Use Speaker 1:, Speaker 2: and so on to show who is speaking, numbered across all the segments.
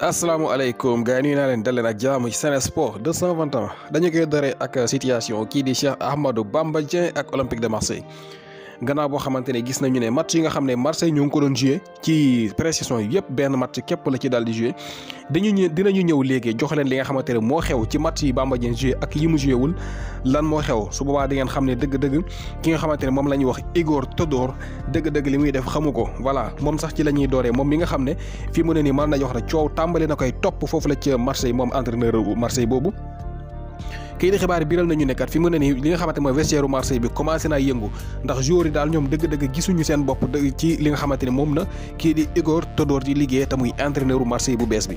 Speaker 1: asalaamaaleykum gars yi nuyu naa leen daleen leen ak jaamu ci Sen Sport 221 dañu koy dare ak situation kii di Cheikh Ahmadou Bamba Dieng ak Olympique de Marseille gannaaw boo xamante ne gis nañu ne match yi nga xam ne Marseille ñoo ngi ko doon joué ci pré-saison yëpp benn match képp la ci daal di joué dañu ñu dinañu ñëw léegi jox leen li nga xamante ne moo xew ci match yi Bamba Dieng joué ak yi mu joué wul lan moo xew su boobaa di ngeen xam ne dëgg-dëgg ki nga xamante ne moom la ñuy wax Igor Tudor dëgg-dëgg li muy def xamu ko voilà moom sax ci la ñuy dooree moom mi nga xam ne fii mu ne nii mën nañu jox ne coow tàmbali na koy topp foofu la ci Marseille moom entraîneur Marseille boobu kii di xibaar biiral nañu nekkat fi mu ne nii li nga xamante moy vestiaire Marseille bi commencé na yëngu ndax joueurs yi daal noom deug dëgg-dëgg gisuñu seen bop ci li nga xamante mom na ki di Igor todor di liggéey te muy entraîneur Marseille bu bees bi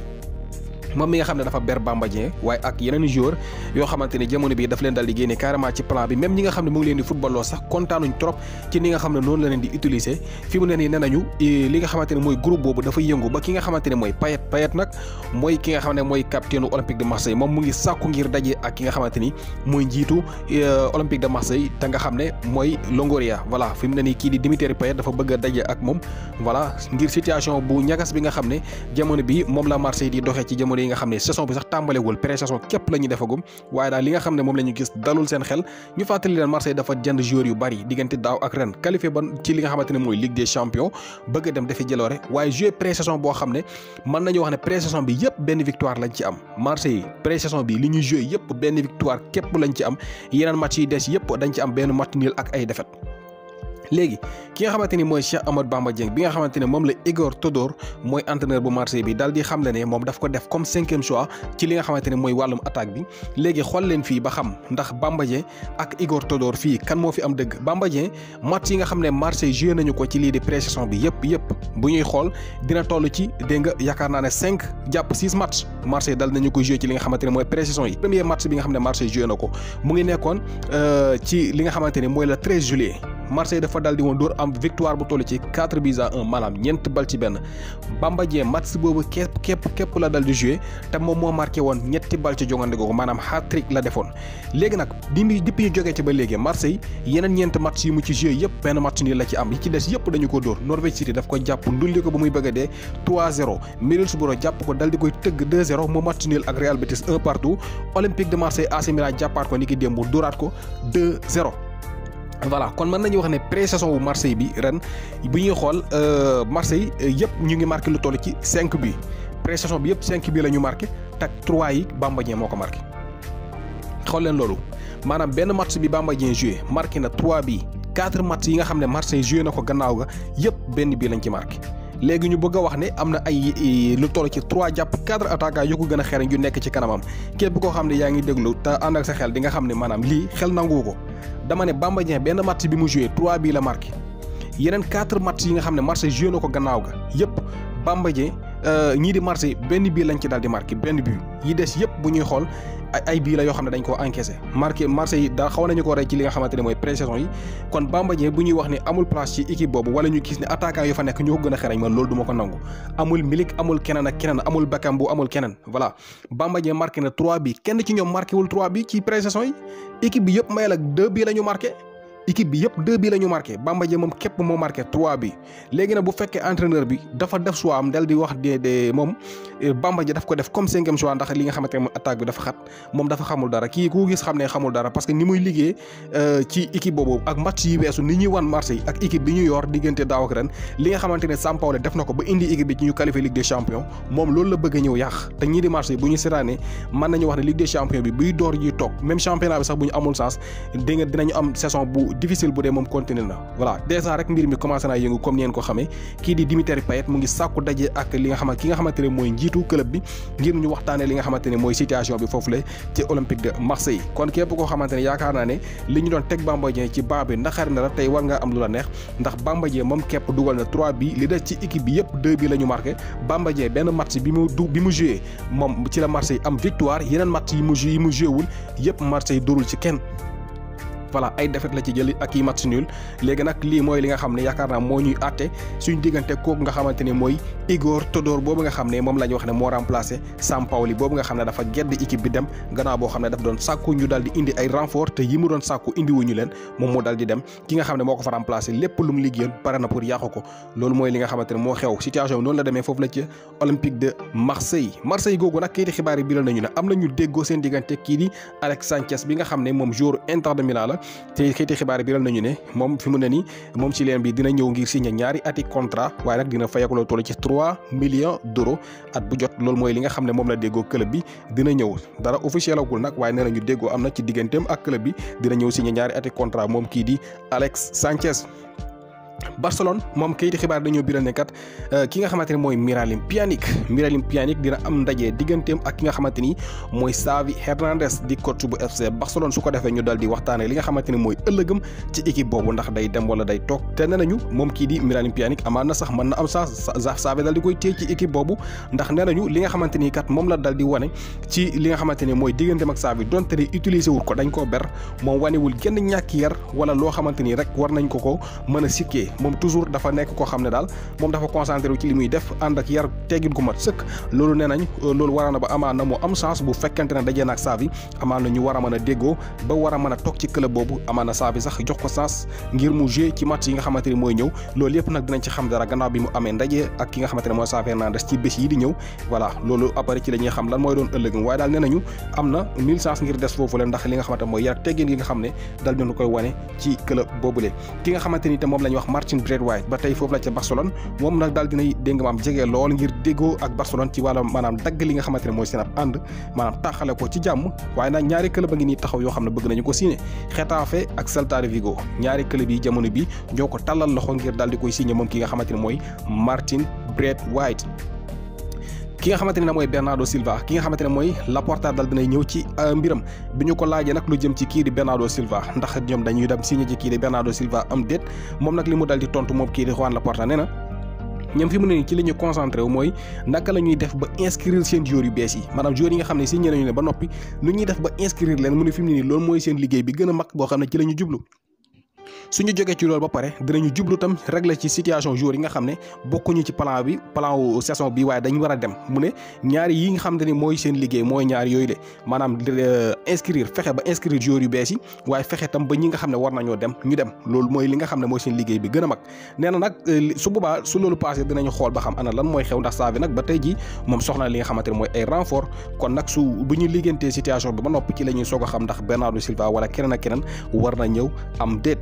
Speaker 1: mom mi nga xamne dafa ber bambadien Dieng ak yeneen joueur yo xamanteni jamono bi daf leen dal di carrément ci plan bi même ñi nga xamne mo ngi leen di footballoo sax kontaanuñ trop ci ni nga xamne non la leen di utiliser fi mu leen ni nenañu nañu eh, li nga xamanteni moy groupe bobu dafa yëngu ba ki nga xamanteni moy Payet Payet nak moy ki nga xamne moy capitaine Olympique de Marseille mom mu ngi sakku ngir daje ak ki nga xamanteni moy njitu eh, Olympique de Marseille ta nga xamne moy Longoria voilà fi mu leen ni ki di Dimitri Payet dafa bëgg dajé daje ak mom voilà ngir situation bu ñagas bi nga xamne jamono bi mom la Marseille di doxé ci jamono jamono yi nga xam ne saison bi sax tàmbalewul pré saison képp la ñuy defagum waaye daal li nga xam ne moom la ñu gis dalul seen xel ñu fàttali leen Marseille dafa jënd joueur yu bari diggante daaw ak ren qualifié ban ci li nga xamante ne mooy Ligue des champions bëgg a dem dafi jëloore waaye joué pré saison boo xam ne mën nañu wax ne pré sason bi yëpp benn victoire lañ ci am Marseille pré saison bi li ñu joué yëpp benn victoire képp lañ ci am yeneen match yi dañ ci am benn match nul ak ay défaite léegi ki nga xamante ni mooy Cheikh Amadou Bamba bi nga xamante ne moom la Igor Tudor mooy entraîneur bu Marseille bi daal di xam le ne moom daf ko def comme cinquième choix ci li nga xamante ne mooy wàllum attaque bi léegi xool leen fii ba xam ndax Bamba Dieng ak Igor Tudor fii kan moo fi am dëgg Bamba Dieng match yi nga xam ne Marseille joué nañu ko ci lii di pré bi yëpp yëpp bu ñuy xool dina toll ci dégg nga yaakaar naa ne cinq jàpp six match Marseille dal nañu ko joué ci li nga xamante ne mooy pré yi premier match ne Marseille joué na ko mu ngi nekkoon euh, ci li nga xamante ne mooy le 13 juillet Marseille dafa dal di woon dóor am victoire bu toll ci 4 buts à 1 maanaam ñeent bal ci benn Bamba Dieng boobu képp képp képp la dal di joué moom moo marqué woon ñetti bal ci jongante googu maanaam hat-trick la defoon léegi nag bi mu depuis ñu jógee ci ba léegi Marseille yeneen ñeent match yi mu ci joué yëpp benn match nii la ci am yi ci des yëpp dañu ko dóor Norvège City daf ko jàpp ndulli ko ba muy bëgg dee 3-0 jàpp ko dal di koy tëgg 2-0 mu match nul ak Real Betis 1 partout Olympique de Marseille AC Milan ko ni ki démb voilà kon mën nañu wax ne pré-saison wu Marseille bi ren bu ñuy xool euh, Marseille euh, yëpp ñu ngi marqué lu toll ci 5 bi pré bi yëpp 5 bi la ñu marqué tak 3 yi Bamba Dieng moo ko marqué. xool leen loolu maanaam benn match bi Bamba Dieng joué na 3 bi 4 match yi nga xam ne Marseille joué na ko gannaaw ga yëpp benn bii lañ ci marqué. léegi ñu bëgg a wax ne am na ay lu toll ci 3 jàpp 4 attaquants yu ko gën a xereñ yu nekk ci kanamam képp koo xam ne yaa ngi déglu te ànd ak sa xel di nga xam ne maanaam lii xel nangu ko. dama ne Bamba benn match bi mu joué 3 bii la marqué yeneen 4 match yi nga xam ne Marseille joué ko gannaaw ga yëpp Bamba Dieng euh, ñii di Marseille benn bii lañ ci daal di marqué benn bii yi des yëpp bu ñuy xool ay bii la yoo xam ne dañ koo encaissé marqué marché yi daa xaw nañu ko rey ci li nga xamante ne mooy pré-saison yi kon Bamba Dieng bu ñuy wax ne amul place ci équipe boobu wala ñu gis ne attaquant yu fa nekk ñoo ko gën a xarañ man loolu du ma ko nangu amul Milik amul keneen a keneen amul Bakambu amul keneen voilà Bamba Dieng marqué na 3 bi kenn ci ñoom marqué wul 3 bi ci pré-saison yi équipe bi yëpp may la 2 bii la marqué équipe bi yëpp deux bi la ñu marqué Bamba moom képp moo marqué trois bi léegi nag bu fekkee entraîneur bi dafa def choix am dal di wax de de moom eh, Bamba daf ko def comme cinquième choix ndax li nga xamante ne attaque bi dafa xat moom dafa xamul dara kii ku gis xam ne xamul dara parce que ni muy liggéey euh, ci équipe boobu ak match yi weesu ni ñuy wan Marseille ak équipe bi ñu yor diggante daaw li nga xamante ne Sampaoli def na ko ba indi équipe bi ci a difficile bu dee moom continué na voilà dèjà rek mbir mi commencé naa yëngu comme ni ngeen ko xamee kii di Dimitri Payet mu ngi sàkku daje ak xamante ki nga xamante ne mooy njiitu club bi ngir ñu waxtaanee li nga xamante ne mooy situation bi foofu la ci Olympique de Marseille kon képp koo xamante ne yaakaar naa ne li ñu doon teg Bamba Dieng ci banc bi ndaxar na la tey war nga am lu la neex ndax Bamba Dieng moom képp dugal na 3 bi li des ci équipe bi yëpp 2 bi la ñu marqué Bamba Dieng benn match bi mu bi mu joué moom ci la Marseille am victoire yeneen match yi mu joué yi mu joué wul yëpp Marseille ci kenn voilà ay defet la ci jëli ak i match nul léegi nag lii mooy li nga xam ne yaakaar naa moo ñuy àtte suñu diggante kooku nga xamante ne mooy Igor Tudor boobu nga xam ne moom la ñu wax ne moo remplacé Sampaoli boobu nga xam ne dafa gedd équipe bi dem gannaaw boo xam ne daf doon sàkku ñu dal di indi ay renfort te yi mu doon sàkku indiwuñu leen moom moo dal di dem ki nga xam ne moo ko fa remplacé lépp lu mu liggéeyoon na pour yàqu ko loolu mooy li nga xamante ne moo xew situation bi noonu la demee foofu la ci xibaar yi nañu ne am nañu déggoo seen diggante kii di Alex Sanchez bi nga xam ne moom joueur Inter de Milan te xëyti xibaar bi biral nañu ne moom fi mu ne nii moom chilien bi dina ñëw ngir signé ñaari ati contrat waaye nag dina fayeku loo toll ci 3 millions d'euros at bu jot loolu mooy li nga xam ne moom la déggoo club bi dina ñëw dara officiel agul nag waaye nee ñu déggoo am na ci digganteem ak club bi dina ñëw signé ñaari ati contrat moom kii di Alex Sanchez Barcelone moom kayiti xibaar dañoo biral ne kat euh, ki nga xamante ne mooy Miralim Pjanic Miralim Pjanic dina am ndaje digganteem ak ki nga xamante ni mooy Xavi Hernandez di coach bu FC Barcelone su ko defee ñu dal di waxtaanee li nga xamante ni mooy ëllëgëm ci équipe boobu ndax day dem wala day toog te nee nañu moom kii di Miralim Pjanic amaan na sax mën na am sax Xavi dal di koy téye ci équipe boobu ndax nee nañu li nga xamante ni kat moom la dal di wane ci li nga xamante ni mooy digganteem ak Xavi donte ne utiliser wul ko dañ koo ber moom wanewul genn ñàkk yar wala loo xamante ni rek war nañ ko ko mën a sikkee moom toujours dafa nekk koo xam ne daal moom dafa concentré wu ci li muy def ànd ak yar teggin gu mat sëkk loolu nee euh, loolu war na ba amaan na mu am chance bu fekkente ne dajee naag Xavi amaan na ñu war a mën ba war a mën a toog ci club boobu amaan na Xavi sax jox ko chance ngir mu jouer ci match yi nga xamante ne mooy ñëw loolu yëpp nag dinañ ci xam dara gannaaw bi mu amee ndaje ak ki nga xamante ne mooy Xavi Hernandez ci bés yi di ñëw voilà loolu après ci la ñuy ndax li nga xamante mooy yar teggin gi nga xam ne dal dina koy wane ci club boobule ki ni moom lañ wax Martin Braithwaite ba tey foofu la ca Barcelone moom nag daal dinay dégg nga am jege lool ngir déggoo ak Barcelone ci wàllam maanaam dagg li nga xamante ne mooy seen ab ànd maanaam taaxale ko ci jàmm waaye nag ñaari club a ngi nii taxaw yoo xam ne bëgg nañu ko signé Getafe ak Celta de Vigo ñaari club yi jamono bi ñoo ko tàllal loxo ngir daal di koy signé moom ki nga xamante ne mooy Martin Braithwaite ki nga xamante ne mooy Bernardo Silva ki nga xamante ne mooy Laporta dal dinay ñëw ci euh, mbiram bi ñu ko laajee nag lu jëm ci kii di Bernardo Silva ndax ñoom dañuy dem signé ci kii di Bernardo Silva am déet moom nag li mu dal di tontu moom kii di Juan Laporta ñu concentré wu mooy naka la ñuy def ba inscrire seen joueurs yu bees yi maanaam joueurs yi nga xam ne signé nañu ne ba noppi nu ñuy def ba inscrire leen mu ne fi ne nii loolu mooy seen liggéey bi gën a mag boo xam ne ci la ñu jublu suñu jógee ci loolu ba pare dinañu jublu tam régler ci situation joueur yi nga xam ne bokkuñu ci plan bi plan saison bi waaye dañ war a dem mu ne ñaari yi nga xam ne mooy seen liggéey mooy ñaari yooyu de maanaam euh, inscrire fexe ba inscrire joueur yu bees yi waaye fexe tam ba ñi nga xam ne war nañoo dem ñu dem loolu mooy li nga xam ne mooy seen liggéey bi gën a mag nee na nag euh, su boobaa su loolu passé dinañu xool ba xam ana lan mooy xew ndax Xavi nag ba tey ji moom soxla li nga xamante ne mooy ay kon nag su bu ñu liggéentee situation bi ba noppi ci la ñuy soog a xam ndax Bernardo Silva wala keneen ak keneen war na ñëw am déet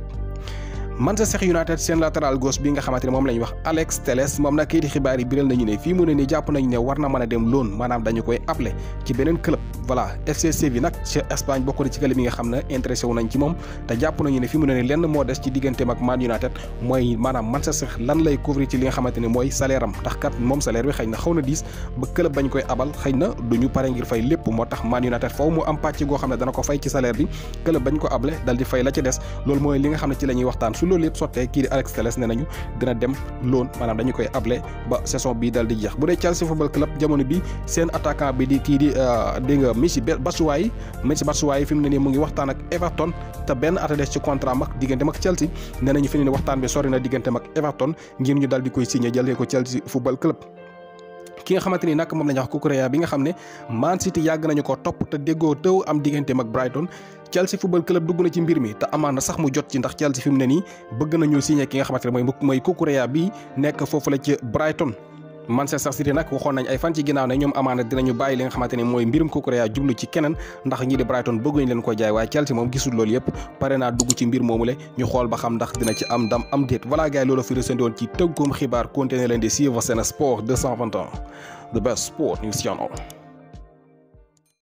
Speaker 1: Manchester United seen latéral gauche bi nga xamante ne moom la ñuy wax Alex Telles moom nag kayiti xibaar yi biral nañu ne fii mu ne nii jàpp nañu ne war na mën a dem loon maanaam dañu koy appelé ci beneen club voilà FC Séville nag ca Espagne bokk na ci club yi nga xam ne intéressé wu nañ moom te jàpp nañu ne moo des ci digganteem ak Man United mooy maanaam Manchester lan lay couvrir ci li nga xamante ne mooy salaire am ndax kat moom salaire xëy na xaw na diis ba club bañ koy abal xëy na duñu pare ngir fay lépp moo tax Man United faw mu am pàcc goo xam ne dana ko fay ci salaire bi club bañ ko able dal di fay la ca des loolu mooy li nga xam ne ci la ñuy waxtaan loolu yëpp sottee kii di Alex Telles ne nañu dina dem loon maanaam dañu koy able ba saison bii daal di jeex bu dee Chelsea football club jamono bi seen attaquant bi di kii di euh, dégg nga Michy Batshuayi Michy Batshuayi fi mu ne nii mu ngi waxtaan ak Everton te benn at a des ci contrat mag diggante mag Chelsea nee nañu fi ne nii waxtaan bi sori na diggante mag Everton ngir ñu daal di koy signé jëlee ko Chelsea football club. ki nga xamante ni nag moom la ñu wax Cucurella bi nga xam ne Man City yàgg nañu ko topp te déggoo tëw am digganteem ak Brighton Chelsea football club dugg na ci mbir mi te amaan na sax mu jot ci ndax Chelsea fi mu ne nii bëgg nañu si signé ki nga xamante ne mooy mooy Cucurella bi nekk foofu la ci Brighton. Manchester City nag waxoon nañ ay fan ci ginnaaw ne ñoom amaana dinañu bàyyi li nga xamante ni mooy mbirum Cucurella jublu ci keneen ndax ñii di Brighton bëgguñu leen ko jaay waaye Chelsea moom gisul loolu yëpp pare naa dugg ci mbir moomule ñu xool ba xam ndax dina ci am ndam am déet voilà gars yi loolu fi resendi woon ci tëggoom xibaar continuer leen di suivre seen sport the best sport news channel